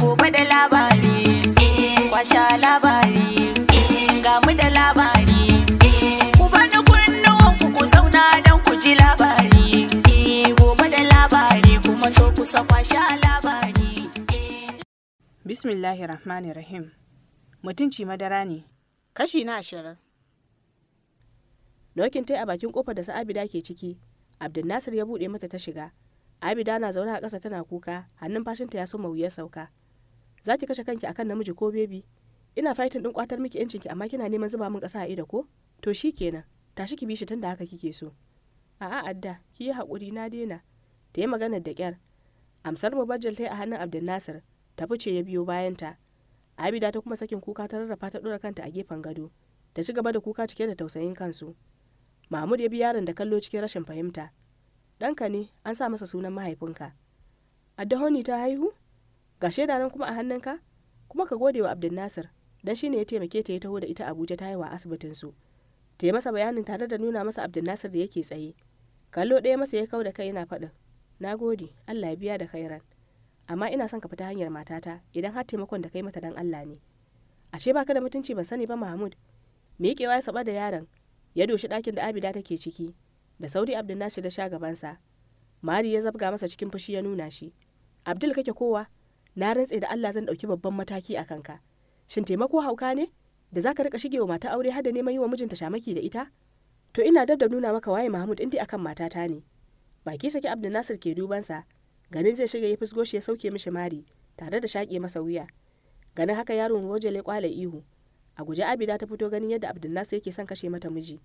gobe da labari eh, kwasha labari eh, ga mu da labari eh, ku bani kunnuwan ku ku zauna don ku ji labari gobe da labari kuma so ku kwasha labari bismillahir rahmanir rahim mutunci madara ne kashi na ashirin Dokin tai a bakin kofar da Sa'abida ke ciki, Abdulnasir ya buɗe mata ta shiga. Abida na zaune a ƙasa tana kuka, hannun fashinta ya soma wuyar sauka. za ki kashe kanki akan namiji ko bebi ina fighting din kwatar miki yancinki amma kina neman zuba min kasa a ido ko to shi kenan tashi ki bi shi tunda haka kike so a'a adda ki yi hakuri na daina ta yi maganar da kyar amsar mubajjal ta yi a hannun abdul nasir ta fice ya biyo bayan ta abida ta kuma sakin kuka ta rarrafa ta dora kanta a gefen gado ta ci gaba da kuka cike da tausayin kansu mahmud ya bi yaron da kallo cikin rashin fahimta ɗanka ne an sa masa sunan mahaifinka Adda addahoni ta haihu ga shaida nan kuma a hannunka kuma ka gode wa abdul nasir dan shine ya taimake ta ya taho da ita abuja ta yi wa asibitin su ta yi masa bayanin tare da nuna masa abdul nasir da yake tsaye kallo ɗaya masa ya kau da kai yana faɗin na gode allah ya biya da kairan amma ina son ka fita hanyar matata idan har taimakon da kai mata dan allah ne ashe baka da mutunci ban sani ba mahmud me yake ya saba da yaron ya doshi ɗakin da abida take ciki da sauri abdul nasir da sha gabansa mari ya zabga masa cikin fushi ya nuna shi abdul kake kowa na rantse da Allah zan ɗauki babban mataki a kanka shin taimako hauka ne da zaka rika shigewa mata aure har da neman yi wa mijinta shamaki da ita to ina dab da nuna maka waye Mahmud indi akan matata ne baki saki Abdul Nasir ke duban sa ganin zai shiga ya fisgo shi ya sauke mishi mari tare da shaƙe masa wuya ganin haka yaron le kwala ihu a guje Abida ta fito ganin yadda Abdul Nasir yake son kashe mata miji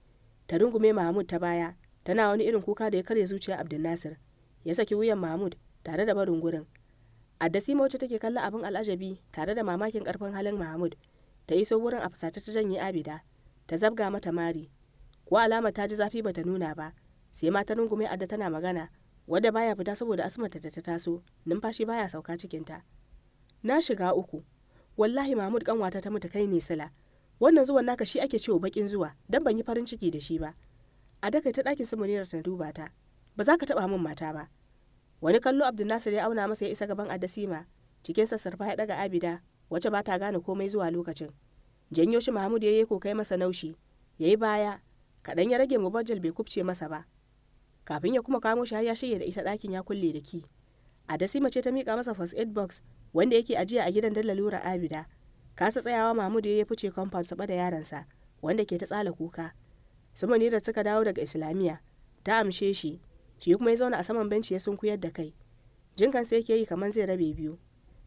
ta rungume Mahmud ta baya tana wani irin kuka da ya karya zuciya Abdul Nasir ya saki wuyan Mahmud tare da barin gurin a addasima wacce take kalla abin al'ajabi tare da mamakin karfin halin mahmud ta iso wurin a fusace ta janye abida ta zabga mata mari ko alama ta ji zafi bata nuna ba sai ma ta rungume adda tana magana wadda baya fita saboda asmata da ta taso numfashi baya sauka cikinta na shiga uku wallahi mahmud kanwata ta mutu kai ne sala wannan zuwan naka shi ake cewa bakin zuwa dan ban yi farin ciki da shi ba a dakai ta dakin su ta duba ta ba za ka taɓa min mata ba wani kallo abdulnasir ya auna masa ya isa gaban adasima cikin sassarfa ya daga abida wacce ba ta gane komai zuwa lokacin janyo shi mahmud ya yi kokai masa naushi ya yi baya kaɗan ya rage mubajjal bai kubce masa ba kafin ya kuma kamo shi har ya shirya da ita ɗakin ya kulle da ki adasima ce ta miƙa masa fas aid box wanda yake ajiya a gidan Dallalura abida kasa tsayawa mahmud ya yi fice compound saba da yaransa wanda ke ta tsala kuka su da suka dawo daga islamiyya ta amshe shi shi kuma ya zauna a saman benci ya sunkuyar da kai jinkan sai yake yi kamar zai rabe biyu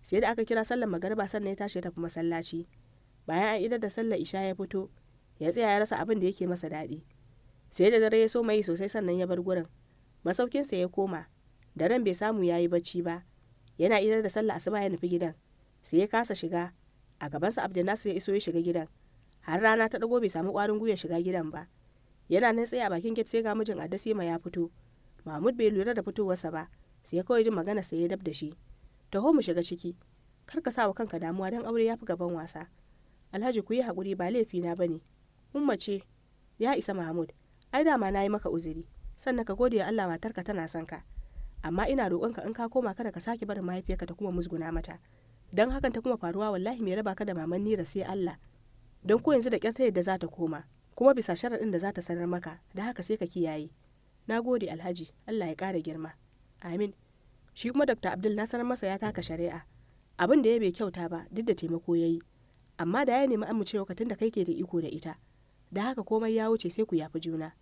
sai da aka kira sallar magariba sannan ya tashi ya tafi masallaci bayan an idar da sallar isha ya fito ya tsaya ya rasa abin da yake masa daɗi sai da dare ya so mai sosai sannan ya bar gurin masaukin sa ya koma da ran bai samu ya yi bacci ba yana idar da sallar asuba ya nufi gidan sai ya kasa shiga a gaban sa abdulnasir ya iso ya shiga gidan har rana ta ɗago bai samu kwarin gwiwa shiga gidan ba yana nan tsaye a bakin gate sai ga mijin ma ya fito mahmud bai lura da fitowarsa ba sai ya kawai ji magana sai ya dab da shi taho mu shiga ciki kar ka sa wa kanka damuwa dan aure ya fi gaban wasa alhaji ku yi hakuri ba laifi na bane umma ce ya isa mahmud ai dama na yi maka uzuri sannan ka gode wa Allah matarka tana son ka amma ina roƙonka in ka koma kada ka sake barin mahaifiyarka ta kuma musguna mata dan hakan ta kuma faruwa wallahi mai raba ka da maman nira sai Allah don ko yanzu da kyarta yadda za ta koma kuma bisa sharaɗin da za ta sanar maka da haka sai ka kiyaye na gode alhaji allah ya kara girma amin shi kuma dr abdul na masa ya taka shari'a abin da ya bai kyauta ba duk da taimako ya yi amma da ya nemi amincewa ka tunda kai ke da iko da ita da haka komai ya wuce sai ku yafi juna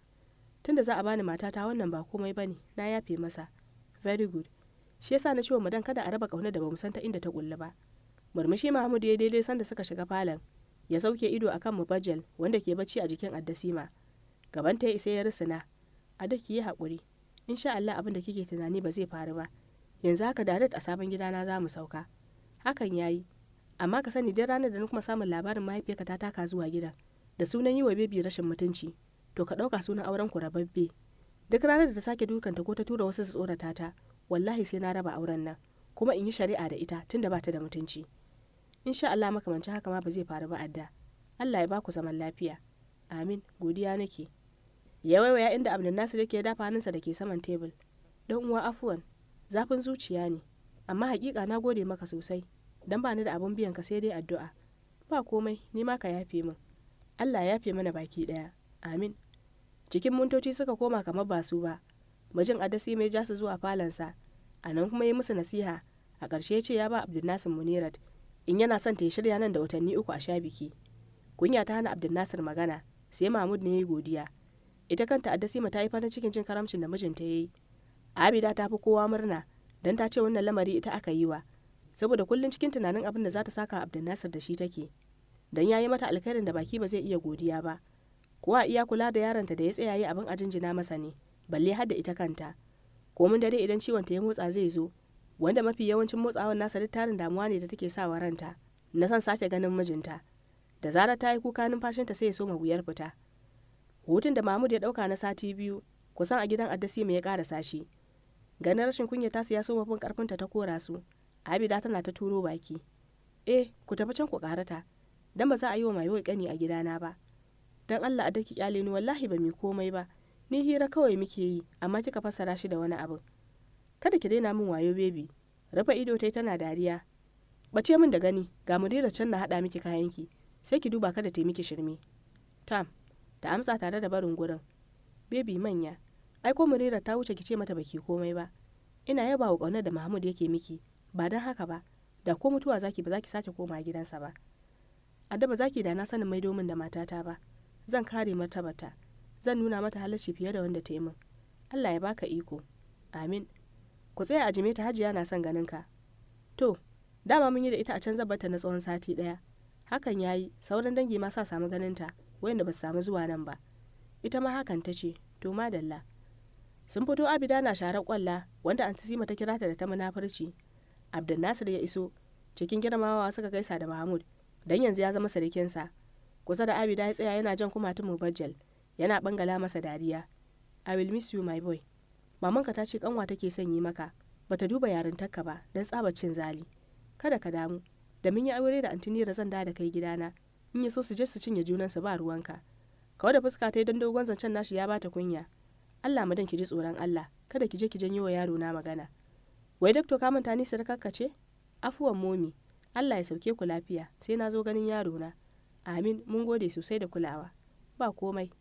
tunda za a bani matata wannan ba komai ba ne na yafe masa very good shi yasa na cewa madan kada a raba kauna da bamu san ta inda ta kulli ba murmushi Mahmud ya daidai sanda suka shiga falon ya sauke ido akan Mubajjal wanda ke bacci a jikin Addasima gaban ta isa ya risina a da ki yi haƙuri insha Allah abin da kike tunani ba zai faru ba yanzu haka direct a sabon gidana za mu sauka hakan ya yi, amma ka sani dai ranar da na kuma samun labarin mahaifiyarka ta taka zuwa gida da sunan yi wa bebi rashin mutunci to ka ɗauka sunan auren ku rababbe duk ranar da ta sake dukanta ko ta tura wasu su tsorata ta wallahi sai na raba auren nan kuma in yi shari'a da ita tunda ba ta da mutunci in sha Allah makamancin haka ma ba zai faru ba adda Allah ya ba ku zaman lafiya amin godiya nake ya waiwaya inda abdul nasiru yake dafa hannunsa da ke saman tebul don uwa afuwan zafin zuciya ne amma hakika na gode maka sosai don ba ni da abun biyan ka sai dai addu'a ba komai ni ma ka yafe min Allah ya yafe mana baki daya amin cikin mintoci suka koma kamar ba su ba mijin adasi mai jasu zuwa falansa a nan kuma yi musu nasiha a ƙarshe ya ce ya ba abdulnasir munirat in yana son ta yi shirya nan da watanni uku a sha biki kunya ta hana abdulnasir magana sai mahmud ne ya yi godiya ita kanta addasima ta yi farin cikin cin karamcin da mijinta ya yi abida ta fi kowa murna don ta ce wannan lamari ita aka yi wa saboda kullum cikin tunanin abin da za ta saka abdulnasir da shi take don ya yi mata alkhairin da baki ba zai iya godiya ba ko a iya kula da yaronta da ya tsaya yi abin ajinjina masa ne balle har da ita kanta komin dare idan ciwon ta ya motsa zai zo wanda mafi yawancin motsawan nasa duk tarin damuwa ne da take sawa ranta na san sake ganin mijinta da zarar ta yi kuka numfashinta sai ya soma wuyar fita hutun da mahmud ya dauka na sati biyu kusan a gidan addasi mai ya karasa shi ganin rashin kunya ta siya so karfinta ta kora su abida tana ta turo baki eh ku tafi can ku karata dan ba za a yi wa mai kani a gidana ba dan Allah a daki kyale ni wallahi ba mi komai ba ni hira kawai muke yi amma kika fassara shi da wani abu kada ki daina min wayo bebi rufe ido tai tana dariya bace min da gani ga mudira can na hada miki kayanki sai ki duba kada ta miki shirme tam da amsa tare da barin gurin bebi manya ai ko murira ta wuce ki ce mata baki komai ba ina yaba wa ƙaunar da mahmud yake miki ba dan haka ba da ko mutuwa zaki ba zaki sake koma gidansa ba adda ba zaki da na sanin mai domin da matata ba zan kare martabata zan nuna mata halarci fiye da wanda ta yi min allah ya baka iko amin ku tsaya a jime ta hajiya na son ganin ka to dama mun yi da ita a can zabbata na tsawon sati ɗaya hakan yayi sauran dangi ma sa samu ganin ta wayanda ba samu zuwa nan ba ita ma hakan ta ce to madalla sun fito abida na sharar kwalla wanda antisima ta kira ta da ta munafurci abdulnasir ya iso cikin girmamawa suka gaisa da mahmud dan yanzu ya zama sa kusa da abida ya tsaya yana jan kuma tumu bajjal yana bangala masa dariya i will miss you my boy mamanka ta ce kanwa take son yi maka bata duba yarintarka ba don tsabacin zali kada ka damu da mun yi aure da antinira zan da kai gidana in ya so su je su cinye junansu ba ruwanka kawai da fuska ta yi don dogon zancen nashi ya bata kunya Allah dan ki ji tsoron Allah kada ki je ki janyo wa yaro na magana wai dokto ka manta ni sarkarka ce afuwan momi Allah ya sauke ku lafiya sai na zo ganin yaro na amin mun gode sosai da kulawa ba komai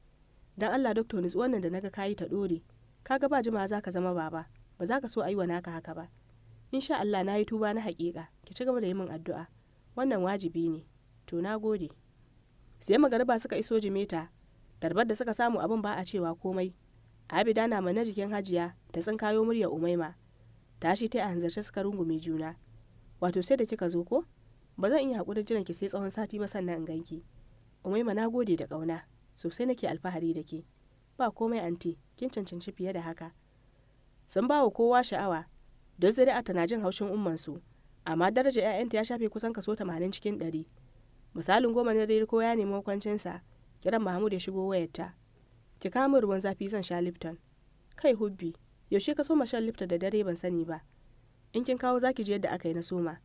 dan Allah ni tsuwan nan da naga kayi ta dore kaga ba jima za ka zama baba ba za ka so a yi wa naka haka ba insha Allah na yi tuba na hakika ki ci gaba da yi min addu'a wannan wajibi ne to na gode sai magariba suka iso jimeta Tarbar da suka samu abin ba a cewa komai abida na mana jikin hajiya da kayo murya umaima tashi ta a hanzarce suka rungume juna wato sai da kika zo ko ba zan iya haƙurin jiran ki sai tsawon sati ba sannan in ganki umaima na gode da ƙauna sosai nake alfahari da ke ba komai anti kin cancanci fiye da haka sun ba wa kowa sha'awa don zuri'a tana jin haushin ummansu amma daraja 'ya'yanta ya shafe kusan kaso 80 cikin ɗari. misalin goma na dare ko ya nemi sa kiran mahmud ya shigo wayarta ki kama ruwan zafi zan sha lifton. kai hubbi yaushe ka soma shan lipton da dare ban sani ba in kin kawo zaki ji yadda aka yi na soma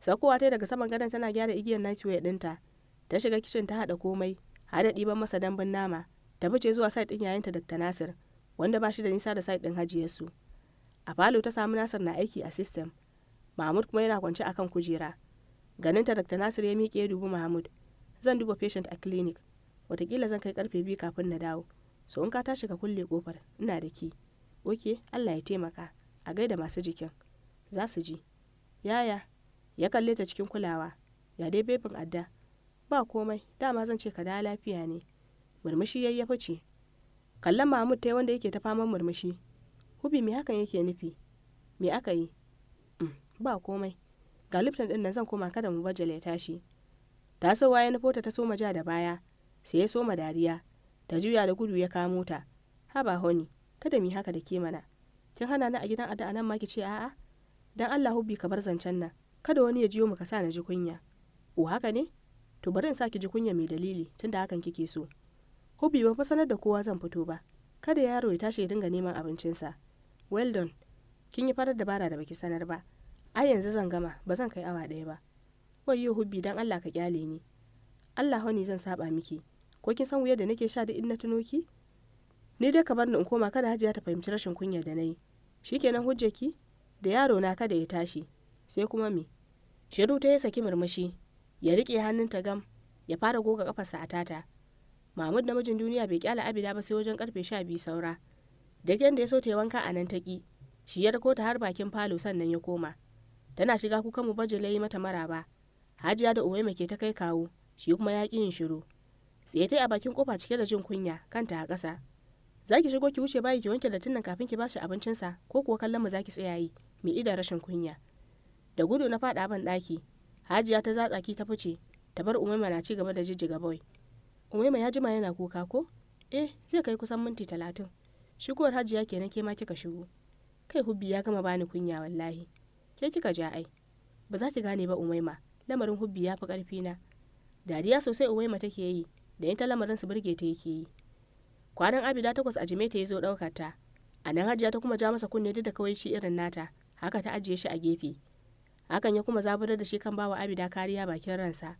saukowa ta daga saman gadon tana gyara igiyar nightwear ɗinta ta shiga kicin ta haɗa komai haɗa ɗiban masa dambun nama ta fice zuwa site ɗin yayinta dr nasir wanda ba shi da nisa da site ɗin hajiyarsu a falo ta samu nasir na aiki a system mahmud kuma yana kwance akan kujera ganinta dr nasir ya miƙe ya dubi mahmud zan duba patient a clinic watakila zan kai karfe biyu kafin na dawo so in ka tashi ka kulle kofar ina da ki oke allah ya taimaka a gaida masu jikin za su ji yaya ya kalle ta cikin kulawa ya dai bebin adda ba komai dama zan ce ka da lafiya ne murmushi ya fice kallon mahmud ta wanda yake ta faman murmushi hubi me hakan yake nufi me aka yi mm, ba komai ga lipton din nan zan koma kada mu bajale ya tashi tasowa ya na ta ta soma ja da baya sai ya soma dariya ta juya da gudu ya kamo ta haba honi kada mi haka da ke mana kin hana ni a gidan ada anan ma ki ce a'a dan Allah hubbi ka bar zancen nan kada wani ya jiyo mu ka sa na ji kunya o haka ne to bari in sa ki ji kunya mai dalili tunda hakan kike so hubbi ba fa sanar da kowa zan fito ba kada yaro ya tashi ya dinga neman abincinsa well done kin yi farar dabara da baki sanar ba A yanzu zan gama ba zan kai awa ɗaya ba wai yi hubbi don Allah ka kyale ni Allah hani zan saba miki ko kin san wuya da nake sha da in na tuno ki ni dai ka bar ni in koma kada hajiya ta fahimci rashin kunya da nayi shikenan hujjaki da yaro na kada ya tashi sai kuma me shiru ta ya saki murmushi ya riƙe hannun ta gam ya fara goga kafarsa a tata Mahmud mijin duniya bai kyala Abida ba sai wajen karfe sha biyu saura da ya so ta wanka a nan ta ki shi ya ko ta har bakin falo sannan ya koma tana shiga kukan mu bajale yi mata maraba hajiya da uwaima ke ta kai kawo shi kuma ya yin shiru sai ta a bakin kofa cike da jin kunya kanta a ƙasa za ki shigo ki wuce bayi ki wanke da nan kafin ki ba shi abincinsa ko kuwa kallon mu za ki tsaya yi mai ida rashin kunya da gudu na faɗa ban ɗaki hajiya ta zatsa ki ta fice ta bar umaima na ci gaba da jijjiga boy umaima ya jima yana kuka ko eh zai kai kusan minti talatin shigowar hajiya kenan ke ma kika shigo kai hubbi ya gama bani kunya wallahi ke kika ja ai ba za ki gane ba umaima lamarin hubbi ya fi ƙarfi na dariya sosai umaima take yi da ta lamarin su burge ta yake yi kwanan abida takwas a jime ta yi zo ɗaukar ta a nan hajiya ta kuma ja masa kunne duk da kawai shi irin nata haka ta ajiye shi a gefe hakan ya kuma zaburar da shi kan bawa abida kariya bakin ransa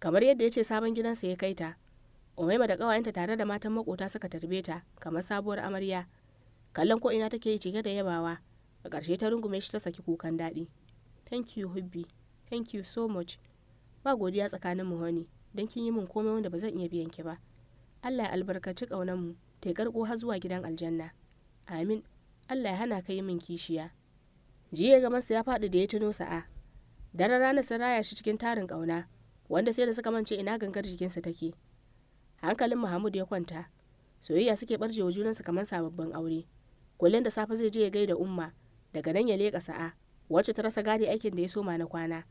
kamar yadda ya ce sabon gidansa ya kai ta umaima da ƙawayenta tare da matan makota suka tarbe ta kamar sabuwar amarya kallon ko ina take yi cike da yabawa a ƙarshe ta rungume shi ta saki kukan daɗi thank you hubbi thank you so much ba godiya tsakanin mu honey don kin yi min komai wanda ba zan iya biyan ki ba Allah ya albarkaci ƙaunar mu ta garko har zuwa gidan aljanna amin Allah ya hana ka yi min kishiya jiya ga gamansa ya faɗi da ya tuno sa'a daren ranar sun raya shi cikin tarin ƙauna wanda sai da suka mance ina gangar jikinsa take hankalin Muhammad ya kwanta soyayya suke wa junansa kamar sababbin aure kullum da safe zai je ya gaida umma daga nan ya leƙa sa'a wacce ta rasa gadi aikin da ya soma na kwana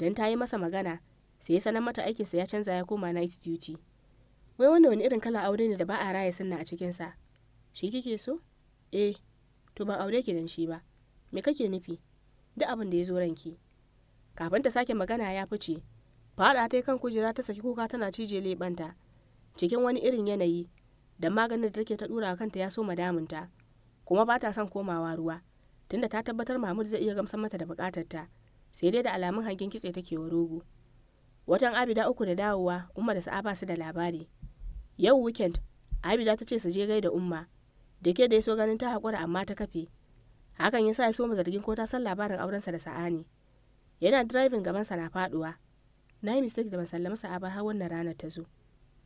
don ta yi masa magana sai ya sanar mata aikinsa ya canza ya koma night duty wai wanda wani irin kala aure ne da ba a raya sunna a cikin sa shi kike so eh to ban aure ki dan shi ba me kake nufi duk abin da ya zo ranki kafin ta sake magana ya fice faɗa ta kan kujera ta saki kuka tana cije leɓanta cikin wani irin yanayi da maganin da take ta dura kanta ya so madamunta kuma ba ta son komawa ruwa tunda ta tabbatar Mahmud zai iya gamsar mata da ta. sai dai da alamun hangen kitse take wa rogo watan Abida uku da dawowa Umma da Sa'a ba su da labari yau weekend Abida ta ce su je gaida Umma da ke da ya so ganin ta haƙura amma ta kafe hakan ya sa ya so mu zargin ko ta san labarin aurensa da sa'ani. yana driving gabansa na faduwa na yi mistake da masallama Sa'a ba har wannan ranar ta zo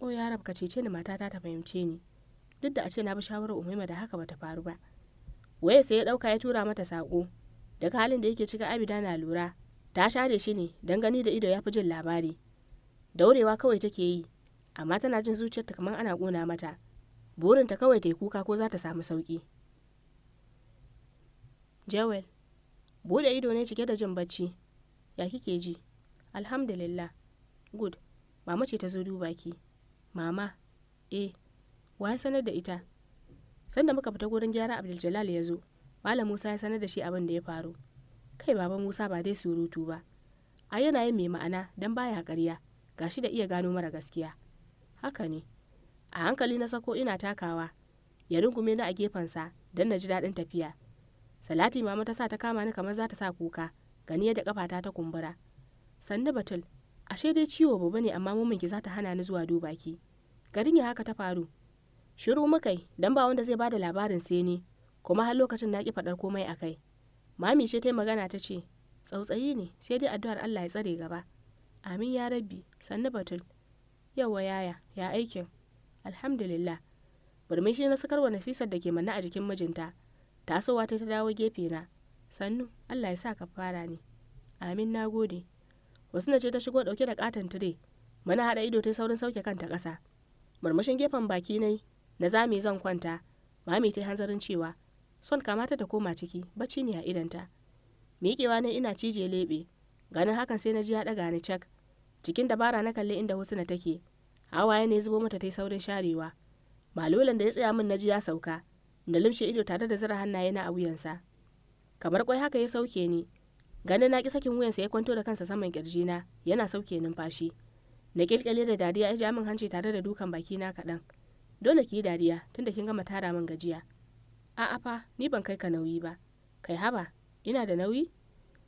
o oh, ya ka cece ni matata ta fahimce ni duk da a ce na bi shawarar Umaima da haka bata faru ba waye sai ya dauka ya tura mata sako daga halin da yake cika abida na lura ta share shi ne don gani da ido ya fi jin labari daurewa kawai take yi amma tana jin zuciyarta kamar ana kona mata burinta kawai ta yi kuka ko za ta samu sauki. jewel bude ido ne cike da jin bacci ya kike ji alhamdulillah good mama ce ta zo duba ki mama eh wa sanar da ita sanda muka fita gurin gyara abdul ya zo malam musa ya sanar da shi abin da ya faru kai baba musa ba dai surutu ba a yanayin mai ma'ana don baya karya gashi da iya gano mara gaskiya haka ne a hankali na sako ina takawa ya rungume ni a gefensa don na ji daɗin tafiya salati mama ta sa ta kama ni kamar za ta sa kuka gani yadda kafata ta kumbura sannu batul ashe dai ciwo ba ne amma mumin ki za ta hana ni zuwa duba ki garin ya haka ta faru shiru muka yi don ba wanda zai bada labarin sai ni kuma har lokacin na ki faɗar komai a kai mami ce ta magana ta ce tsautsayi ne sai dai addu'ar allah ya tsare gaba amin ya rabbi sannu batul yawa yaya ya aikin alhamdulillah burmishi na sakarwa nafisar da ke manna a jikin mijinta tasowa ta ta dawo gefe na sannu allah ya sa ka fara ne amin na gode wasu na ce ta shigo dauke da katon tire mana haɗa ido ta saurin sauke kanta ƙasa murmushin gefen baki na yi da yi zan kwanta mami ta hanzarin cewa son kamata ta koma ciki bacci ne a idanta miƙewa ne ina cije leɓe ganin hakan sai na ji ya ɗaga ni cak cikin dabara na kalli inda na take hawaye ne zubo mata ta yi saurin sharewa malolan da ya tsaya min na ji ya sauka da lumshe ido tare da zira hannaye na a wuyansa kamar kwai haka ya sauke ni ganin na ƙi sakin wuyansa ya kwanto da kansa saman na yana sauke numfashi na kirkire da dariya ya ja min hanci tare da dukan baki na kaɗan dole ki yi dariya tunda kin gama tara min gajiya a'a fa ni ban kai ka nauyi ba kai haba ina da nauyi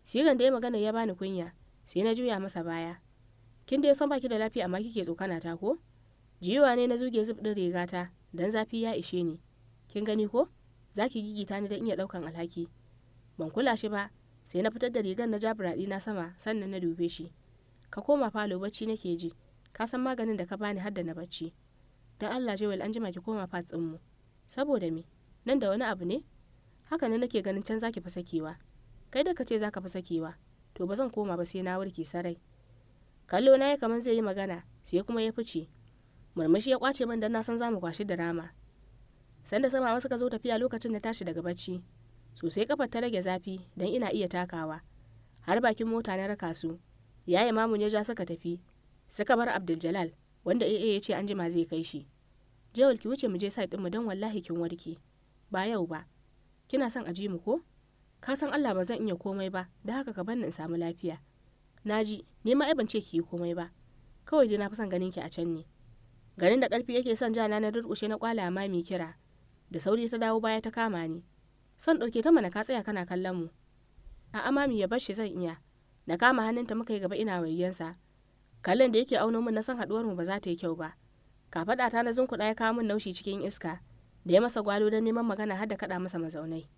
sigan da ya magana ya bani kunya sai na juya masa baya kin dai san baki da lafiya amma kike tsokana ta ko jiwa ne na zuge zub din rigata dan zafi ya ishe ni kin gani ko zaki gigita ni dan iya daukan alhaki ban kula shi ba sai na fitar da rigar na jabiraɗi na sama sannan na dube shi ka koma falo bacci nake ji ka san maganin da ka bani har da na bacci don allah jewel an jima ki koma fats mu saboda me nan da wani abu ne haka ne nake ganin can zaki fi sakewa kai da ka ce zaka fi sakewa to ba zan koma ba sai na warke sarai kallo na ya kaman zai yi magana sai kuma ya fice murmushi ya kwace min dan na san zamu kwashi da rama sanda sama wasu ka zo tafiya lokacin da tashi daga bacci sosai kafar ta rage zafi dan ina iya takawa har bakin mota na raka su yayi mamun ya ja suka tafi suka bar Abdul Jalal wanda AA ya ce an jima zai kai shi jawal ki wuce mu je site mu don wallahi kin warke ba yau ba kina son a ji mu ko ka san Allah ba zan iya komai ba da haka ka banni in samu lafiya naji ne ma ai ban ce ki yi komai ba kawai dai na fi son ganin ki a can ne ganin da karfi yake son jana na durƙushe na kwala ma mai kira da sauri ta dawo baya ta kama ni son ɗauke ta mana ka tsaya kana kallon mu a amami ya bashi zan iya na kama hannunta muka yi gaba ina wayyansa kallon da yake auno min na san haɗuwar mu ba za ta yi kyau ba faɗa ta na zunkuɗa ya kawo min naushi cikin iska da ya masa gwado don neman magana har da kaɗa masa mazaunai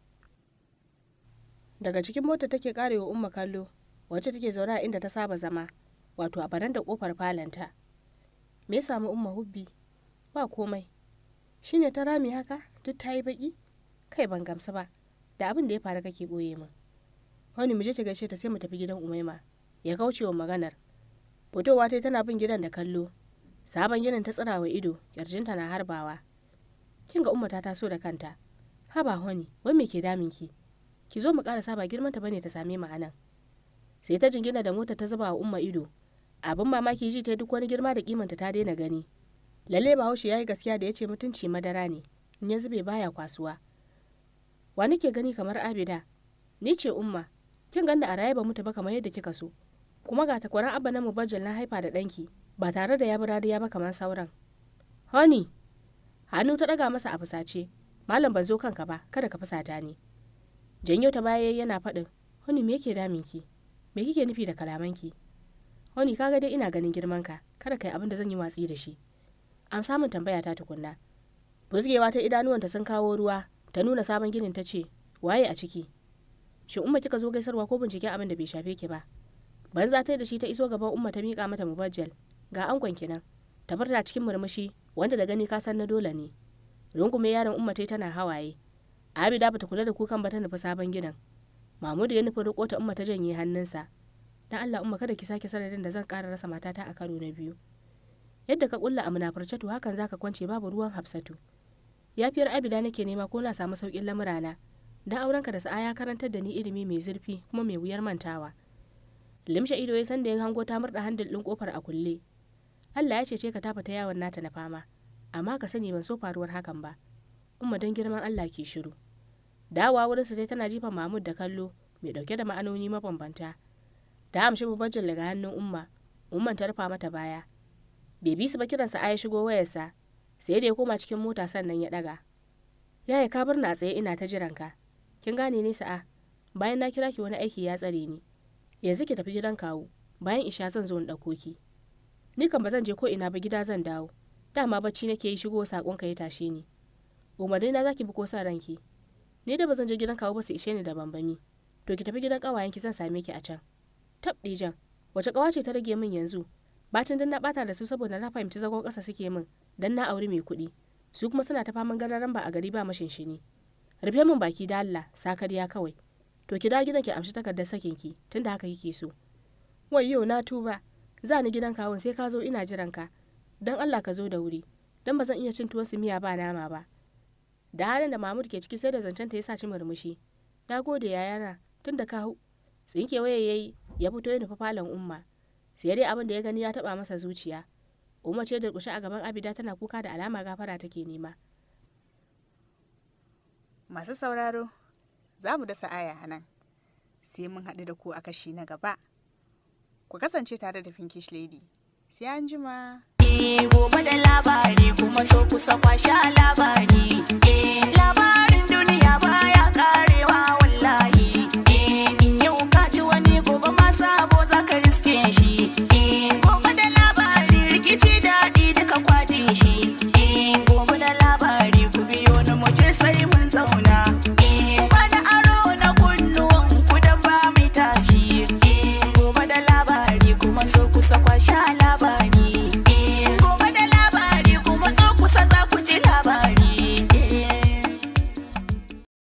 daga cikin mota take karewa umma kallo wacce take zaune a inda ta saba zama wato a barandar kofar falanta me ya samu umma hubbi ba komai shine ta rami haka duk ta yi baƙi. kai ban gamsu ba da abin da ya faru kake boye min wani muje ki gaishe ta sai mu tafi gidan umaima ya kauce wa maganar fitowa yi tana bin gidan da kallo sabon ginin ta wa ido yarjinta na harbawa kin ga umma ta taso da kanta haba honi wai me ke damin ki ki zo mu karasa saba girman ta bane ta same mu anan sai ta jingina da mota ta zuba wa umma ido abin mamaki ji ta duk wani girma da kimanta ta daina gani lalle bahaushe ya yi gaskiya da ya mutunci madara ne in ya zube baya kwasuwa wa ke gani kamar abida ni ce umma kin ganda a raye ba mutu ba kamar yadda kika so kuma ga takwaran abba na mubajjal na haifa da ɗanki ba tare da ya bi radiya ba kamar sauran honey hannu ta ɗaga masa a fusace malam ban zo kanka ba kada ka fusata ni janyo ta baya yana faɗin honey me yake ki? me kike nufi da kalaman kalamanki honey kaga dai ina ganin girmanka kada ka yi abin da zan yi watsi da shi An samun tambaya ta tukunna buzgewa ta idanuwanta sun kawo ruwa ta nuna sabon ginin ta ce waye a ciki shin umma kika zo gaisarwa ko binciken abin da bai shafe ki ba banza ta da shi ta iso gaban umma ta miƙa mata mubajjal ga angon kinan tabarda cikin murmushi wanda da gani ka san na dole ne rungume yaron umma tai tana hawaye abida bata kula da kukan ba ta nufi sabon gidan mamudu ya nufi riko ta umma ta janye hannunsa dan Allah umma kada ki sake sanadin da zan kara rasa matata a karo na biyu yadda ka kulla a munafurce to hakan zaka kwance babu ruwan hafsatu yafiyar abida nake nema ko na samu saukin lamurana dan aurenka da sa'a ya karantar da ni ilimi mai zurfi kuma mai wuyar mantawa limsha ido ya san da ya hango ta murda handil din kofar a kulle Allah ya cece ka ta yawon nata na fama amma ka sani ban so faruwar hakan ba umma don girman Allah ki shiru dawa wurin su tana jifa Mahmud da kallo mai dauke da ma'anoni mabambanta ta amshi babajin daga hannun umma Umma ta rufa mata baya bai bi su ba kiran a ya shigo wayarsa sai da ya koma cikin mota sannan ya daga yaya ka bar na tsaye ina ta jiran ka kin gane ni sa'a bayan na kira ki wani aiki ya tsare ni yanzu ki tafi gidan kawu bayan isha zan zo in ɗauko ki ni kan ba zan je ko ina ba gida zan dawo dama bacci nake yi shigo sakon ka ya tashe ni umarni na zaki bi ko sa ranki ni da ba zan je gidan kawo ba su ishe ni da bambami to ki tafi gidan kawayen ki zan same ki a can tab dijan wace kawa ce ta rage min yanzu bacin dan na bata da su saboda na fahimci zagon kasa suke min dan na aure mai kuɗi su kuma suna ta faman gararan ba a gari ba mashinshini rufe min baki da Allah sakariya kawai to ki dawo gidan ki amshi takardar sakin ki tunda haka kike so wayyo na tuba za ni gidan kawun sai ka zo ina jiran ka don allah ka zo da wuri don ba zan iya cin tuwon miya ba nama ba da halin da mahmud ke ciki sai da zancen ta ya sa ci murmushi na gode yayana tun da kahu. tsinke waya yayi ya fito ya nufa falon umma sai dai abin da ya gani ya taba masa zuciya umma ce da kushe a gaban abida tana kuka da alama gafara take nema masu sauraro za mu dasa aya nan sai mun haɗu da ku a kashi na gaba Ku kasance tare da Pinkish Lady. Sai an jima. Eh, gobe da labari kuma so kusa kwashe labari. Eh, labarin duniya baya karewa.